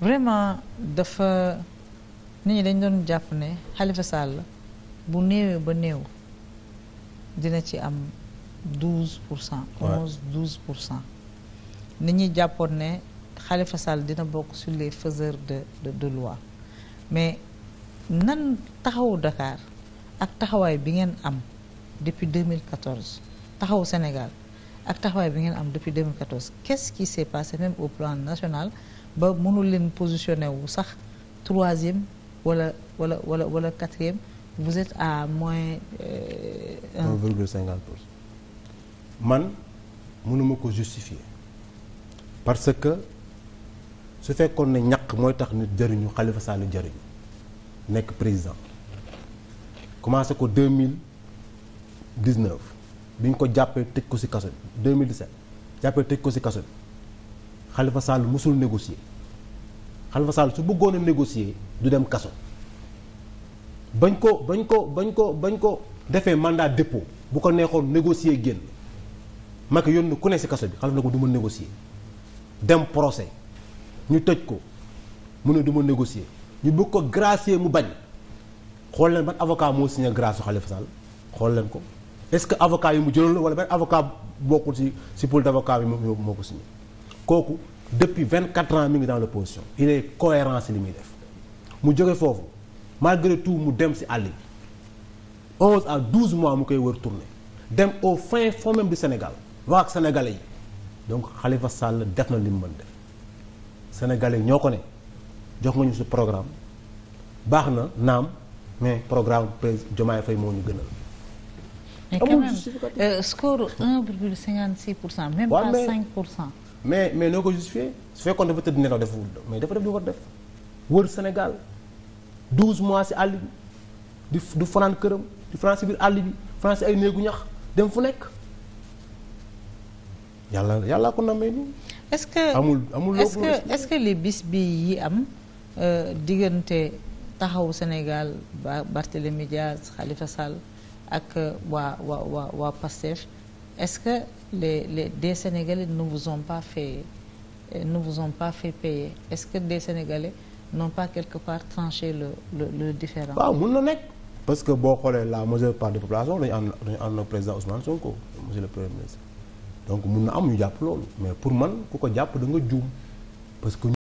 vraiment dafa nit ñi dañ doon jàpp ne Khalifa Sall bu néewee ba néew dina ci am douze pour cent onze douze pour cent nit ñi jàppoon ne Khalifa Sall dina bokk sur les de de, de loi mais nan taxawu Dakar ak taxawaay bi ngeen am depuis 2014 taxawu Sénégal ak taxawaay bi ngeen am depuis 2014 qu'est-ce qui s'est passé même au plan national ba mënul leen positionné wu sax troisième wala wala wala wala quatrième vous êtes à moins. Euh, un virgule cinquante pour man mënuma ko justifier parce que su fekkoon ne ñàkk mooy tax nit jëriñu xalifa Sall jëriñu nekk président commencé ko mille dix-neuf bi ñu ko jàppee tëj ko ci kaso bi 2017 jàppee tëj ko ci kaso bi Khalifa Sall musul négocier Khalifa Sall su bëggoon a négocier du dem kaso bañ ko bañ ko bañ ko bañ ko defee mandat dépôt bu ko neexoon négocier génn yoon yónni ku ne ci kaso bi Khalifa ne ko du ma négocier dem procès ñu tëj ko mu ne du ma négocier ñu bëgg ko gracier mu bañ xool leen ba avocat moo si grâce su Khalifa xool leen ko. est-ce que avocat yi mu jëloon la wala benn avocat bokkul ci ci pool d'avocat bi moo moo ko signé kooku depuis 24 ans mi ngi dans l'opposition il est cohérent ci li muy def mu jóge foofu malgré tout mu dem ci àll bi 11 à 12 mois mu koy wër tourné dem au fin fond même du Sénégal wax ak sénégalais yi donc Khalifa Sall def na li mu def sénégalais yi ñoo ko ne jox nga ñu su programme baax na naam mais programme président Diomaye Faye moo ñu gënal. mais ah quand même euh, score 1,56 pour cent même pas 5 pour cent mais mais noo ko justifié su fekkoon dafa tëdd nelaw deful mais dafa def li war def wër Sénégal 12 mois si àll bi di fanaan këram di fanaan si biir àll bi fanaan si ay néegu ñax dem fu nekk yàlla yàllaa ko namee nii. est-ce que amul amul loo est-ce que ce que li bis bi yi am euh, diggante taxawu Sénégal ba Barthélémy Dias Khalifa Sall. ak euh, waa waa waa waa PASTEF est-ce que les les des Sénégalais ne vous ont pas fait euh, ne vous ont pas fait payer est-ce que des Sénégalais n'ont pas quelque part tranché le le le différend. waaw mun na nekk parce que boo xoolee la majeure part de population dañu ànd dañu ànd ak président Ousmane Sonko monsieur le premier ministre donc mun na am ñu jàpp loolu mais pour man ku ko jàpp da nga juum parce que.